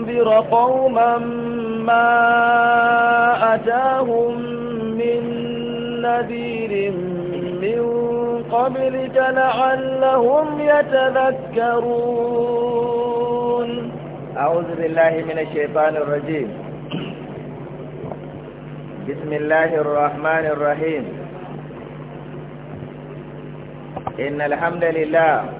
لتنذر قوما ما أتاهم من نذير من قبلك لعلهم يتذكرون أعوذ بالله من الشيطان الرجيم بسم الله الرحمن الرحيم إن الحمد لله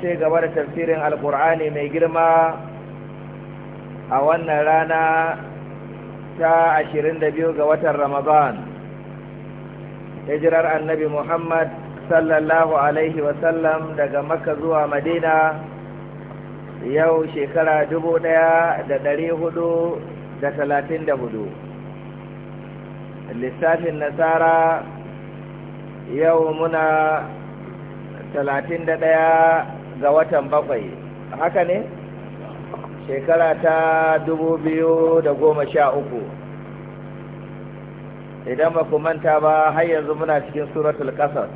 ce gaba da tafsirin alkur'ani mai girma a wannan rana ta 22 ga watan ramadan hijirar annabi muhammad sallallahu alaihi wasallam daga makka zuwa madina yau shekara 1434 lissafin nasara yau muna 31 ga watan bakwai haka ne shekara ta dubu biyu da goma sha uku idan ba ku manta ba har yanzu muna cikin suratul kasar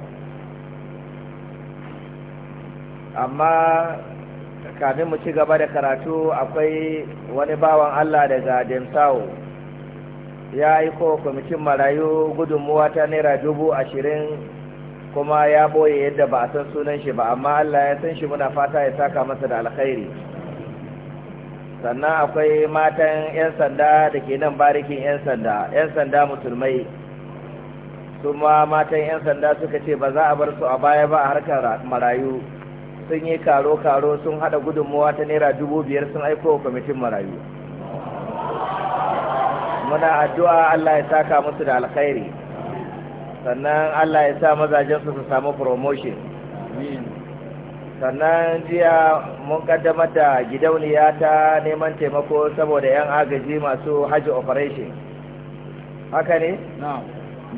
amma kafin mu ci gaba da karatu akwai wani bawan allah daga demsawo ya aiko kwamitin marayu gudunmuwa ta naira dubu ashirin kuma ya boye yadda ba a san sunan shi ba amma Allah ya san shi muna fata ya saka masa da alkhairi sannan akwai matan 'yan sanda da ke nan barikin 'yan sanda 'yan sanda musulmai su ma matan 'yan sanda suka ce ba za a bar su a baya ba a harkar marayu sun yi karo-karo sun hada gudunmuwa ta naira dubu biyar sun aiko kwamitin marayu muna addu'a Allah ya saka musu da alkhairi sannan Allah ya sa mazajensu su samu promotion sannan jiya mun kaddamar da gidauniya ta neman taimako saboda 'yan agaji masu hajji operation haka ne?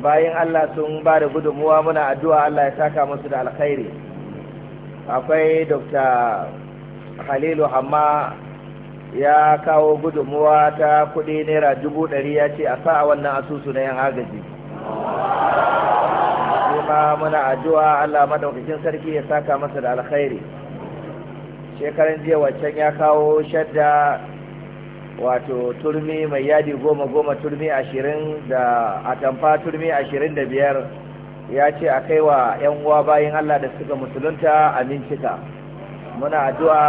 bayan Allah sun ba da gudunmuwa muna addu'a Allah ya saka musu da alkhairi akwai dr halilu hamma ya kawo gudunmuwa ta kudi naira dubu ɗari ya ce a sa a wannan asusu na 'yan agaji kuma muna addu'a Allah madaukakin sarki ya saka masa da alkhairi shekaran jiya wancan ya kawo shadda wato turmi mai yadi goma goma turmi ashirin da atamfa turmi ashirin da biyar ya ce a kai wa 'yan uwa bayan Allah da suka musulunta amincika muna addu'a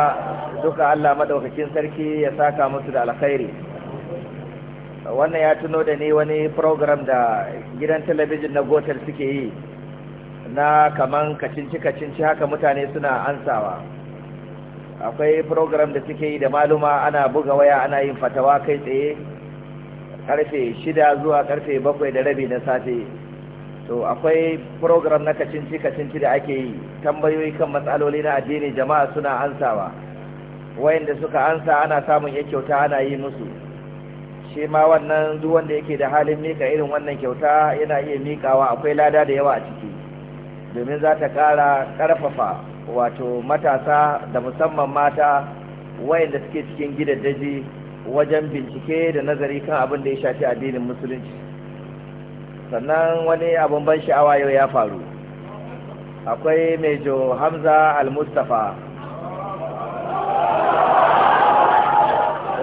duka Allah madaukakin sarki ya saka musu da alkhairi wannan ya tuno da ni wani program da gidan talabijin na gotel suke yi na kaman kacinci-kacinci haka mutane suna ansawa akwai program da suke yi da maluma ana buga waya ana yin fatawa kai tsaye karfe shida zuwa karfe bakwai da rabi na safe to akwai program na kacinci-kacinci da ake yi tambayoyi kan matsaloli na addini jama'a suna ansawa wayanda suka ansa ana samun ya kyauta ana yi musu shi ma wannan duk yake da halin mika irin wannan kyauta yana iya mikawa akwai lada da yawa a ciki domin za ta ƙara ƙarfafa wato matasa da musamman mata wayanda suke cikin gidaddaji wajen bincike da nazari kan abin da ya shafi addinin musulunci sannan wani abin ban sha'awa yau ya faru akwai mejo hamza al mustafa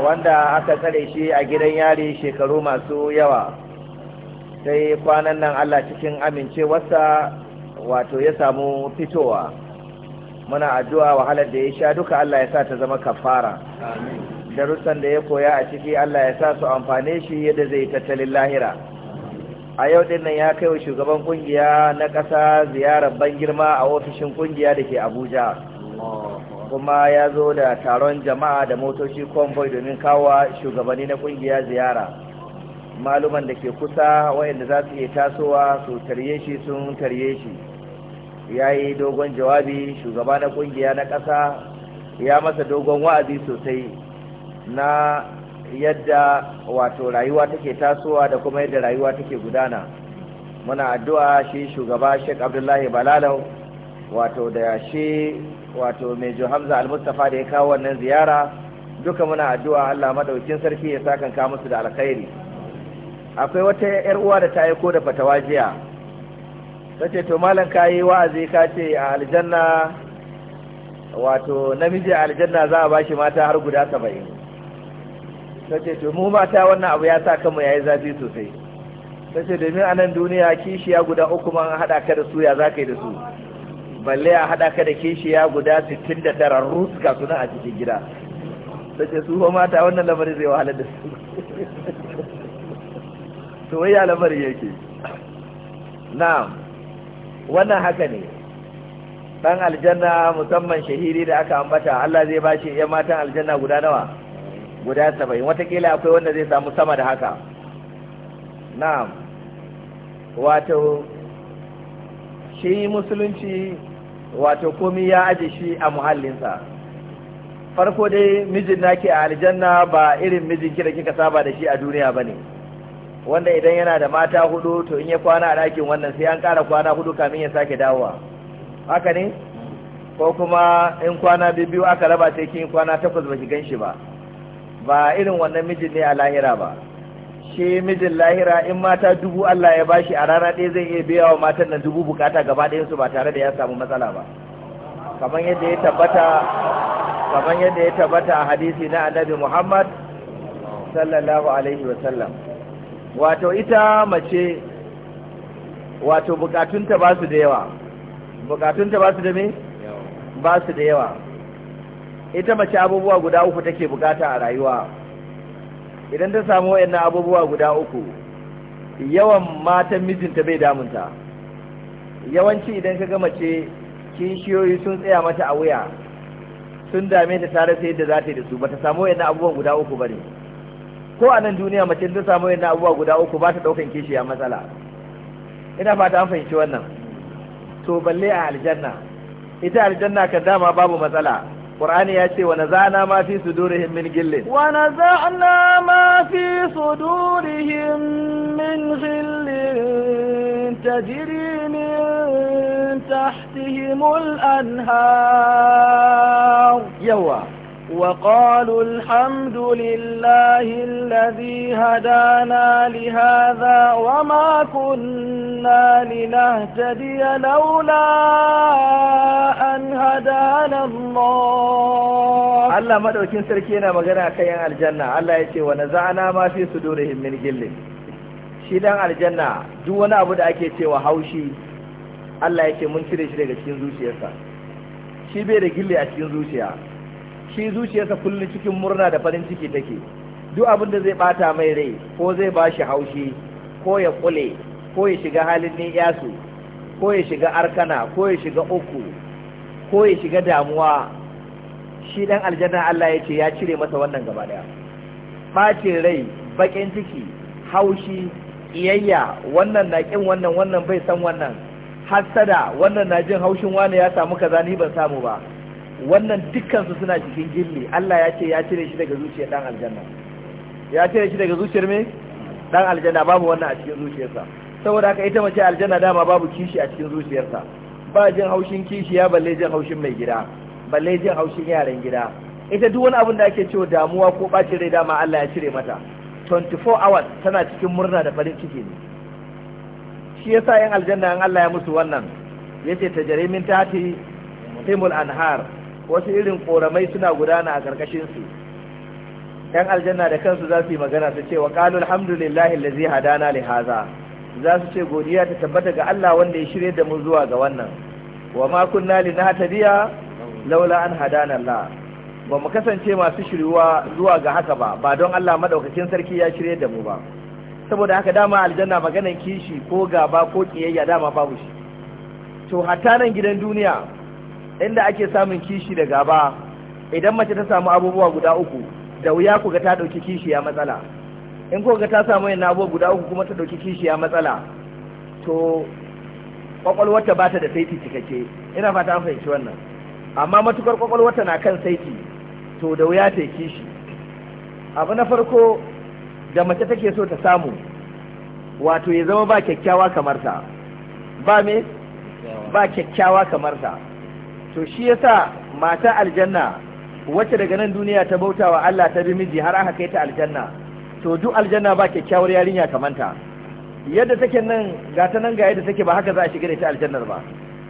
wanda aka tsare shi a gidan yari shekaru masu yawa sai kwanan nan allah cikin amincewarsa wato ya samu fitowa muna addu'a wahalar da ya sha duka Allah ya sa ta zama kafara darussan da ya koya a ciki Allah ya sa su amfane shi yadda zai tattalin lahira a yau din nan ya kai wa shugaban kungiya na ƙasa ziyarar ban girma a ofishin kungiya da ke Abuja kuma ya zo da taron jama'a da motoci convoy domin kawo shugabanni na kungiya ziyara maluman da ke kusa wayanda za su iya tasowa su tarye shi sun tarye shi ya yi dogon jawabi shugaba na kungiya na ƙasa ya masa dogon wa'azi sosai na yadda wato rayuwa take tasowa da kuma yadda rayuwa take gudana muna addu'a shi shugaba Sheikh abdullahi balalau wato da shi wato mai hamza al-mustapha da ya kawo wannan ziyara duka muna addu'a allah Madaukin sarki ya sa kanka musu da alkhairi akwai wata 'yar uwa da ta aiko da fatawa jiya ta ce to malam ka yi wa'azi ka ce a aljanna wato namiji a aljanna za a ba shi mata har guda saba'in ta ce to mu mata wannan abu ya sa kanmu ya yi zafi sosai ta ce domin a nan duniya kishiya guda uku man haɗa ka da su ya za ka yi da su balle a haɗa ka da kishiya guda sittin da tara ruska suna a cikin gida ta ce su mata wannan lamarin zai wahalar da su to wai ya lamarin yake na'am wannan haka ne dan aljanna musamman shahiri da aka ambata Allah zai bashi ya matan aljanna guda nawa guda saba'in watakila akwai wanda zai samu sama da haka na'am wato shi musulunci wato komai ya aje shi a muhallinsa farko dai mijin naki a aljanna ba irin mijin ki da kika saba da shi a duniya bane wanda idan yana da mata hudu to in ya kwana a ɗakin wannan sai an ƙara kwana hudu kamin ya sake dawowa haka ne ko kuma in kwana biyu aka raba sai kin kwana takwas baki gan shi ba ba irin wannan mijin ne a lahira ba shi mijin lahira in mata dubu Allah ya bashi a rana ɗaya zai iya biya wa matan nan dubu bukata gaba ɗayan su ba tare da ya samu matsala ba kamar yadda ya tabbata kamar yadda ya tabbata a hadisi na annabi Muhammad sallallahu alaihi wa sallam wato ita mace wato bukatunta ba su da yawa bukatunta ba su da me ba su da yawa ita mace abubuwa guda uku take bukata a rayuwa idan ta samu wayannan abubuwa guda uku yawan matan mijinta bai damunta yawanci idan ka ga mace kishiyoyi sun tsaya mata a wuya sun dame ta tare sai da za ta yi da su ba ta samu wayannan abubuwan guda uku ba ne ko a nan duniya mace ta samu yana abubuwa guda uku ba ta ɗaukan kishi a matsala ina fata an fahimci wannan to balle a aljanna ita aljanna kan dama babu matsala Qur'ani ya ce wa naza'na ma fi sudurihim min gillin wa naza'na ma fi sudurihim min gillin tajri min tahtihim al-anhar وقالوا الحمد لله الذي هدانا لهذا وما كنا لنهتدي لولا أن هدانا الله الله ما دوكين سركينا مغنى كيان الجنة الله يتي ونزعنا ما في صدورهم من جل شيدان الجنة دون أبو دعكي تي وحوشي الله يتي منشرش لك شين زوشي يسا shi bai da gilli a cikin zuciya shi zuciyarsa kullum cikin murna da farin ciki take duk abin da zai bata mai rai ko zai ba shi haushi ko ya kule ko ya shiga halin ne yasu ko ya shiga arkana ko ya shiga uku ko ya shiga damuwa shi dan aljanna Allah ya ce ya cire masa wannan gaba daya bacin rai bakin ciki haushi iyayya wannan na kin wannan wannan bai san wannan hassada wannan na jin haushin wani ya samu kaza ni ban samu ba wannan dukkansu suna cikin gilli Allah ya ce ya cire shi daga zuciyar dan aljanna ya cire shi daga zuciyar me dan aljanna babu wannan a cikin zuciyarsa saboda haka ita mace aljanna dama babu kishi a cikin zuciyarsa ba jin haushin kishi ya balle jin haushin mai gida balle jin haushin yaran gida ita duk wani abin da ake cewa damuwa ko bacin rai dama Allah ya cire mata 24 hours tana cikin murna da farin ciki ne shi yasa yan aljanna an Allah ya musu wannan yace tajarimin tati himul anhar wasu irin koramai suna gudana a karkashin su yan aljanna da kansu za su yi magana su ce wa qalu alhamdulillahi allazi hadana li hadha za su ce godiya ta tabbata ga Allah wanda ya shirye da mu zuwa ga wannan wa ma kunna linahtadiya laula an hadana Allah ba mu kasance masu shiryuwa zuwa ga haka ba ba don Allah madaukakin sarki ya shirye da mu ba saboda haka dama aljanna maganan kishi ko gaba ko kiyayya dama babu shi to hatta nan gidan duniya inda ake samun kishi da gaba idan mace ta samu abubuwa guda uku da wuya ku ga ta ɗauki ya matsala in ku ga ta samu yana abubuwa guda uku kuma ta ɗauki ya matsala to kwakwalwarta ba ta da saiti cikakke ina fata an fahimci wannan amma matukar kwakwalwarta na kan saiti to da wuya ta kishi abu na farko da mace take so ta samu wato ya zama ba kyakkyawa kamar ta ba me ba kyakkyawa kamar ta to shi yasa mata aljanna wacce daga nan duniya ta bautawa Allah ta bi miji har aka kai ta aljanna to duk aljanna ba kyakkyawar yarinya kamanta yadda take nan ga ta nan ga yadda take ba haka za a shiga da ita aljannar ba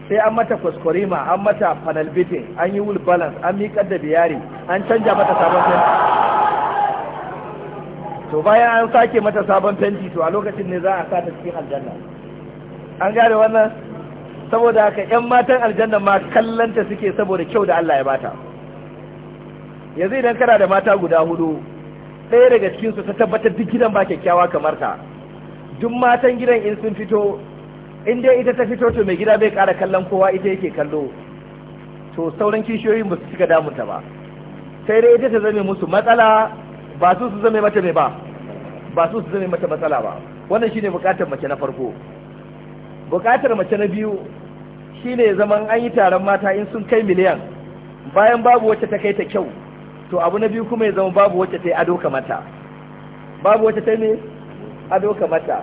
sai an mata kwaskwarima an mata panel beating an yi wool balance an miƙar da biyari an canja mata sabon fenti to bayan an sake mata sabon fenti to a lokacin ne za a sa ta cikin aljanna an gane wannan saboda haka yan matan aljanna ma kallanta suke saboda kyau da Allah ya bata yanzu idan kana da mata guda hudu ɗaya daga cikin su ta tabbatar duk gidan ba kyakkyawa kamar ta duk matan gidan in sun fito in dai ita ta fito to mai gida bai ƙara kallon kowa ita yake kallo to sauran kishiyoyin ba su cika damunta ba sai dai ita ta zame musu matsala ba su su zame mata mai ba ba su su zame mata matsala ba wannan shine bukatar mace na farko bukatar mace na biyu shine zaman an yi taron mata in sun kai miliyan bayan babu wacce ta kai ta kyau to abu na biyu kuma ya zama babu wacce ta yi ado kamata babu wacce ta ne ado kamata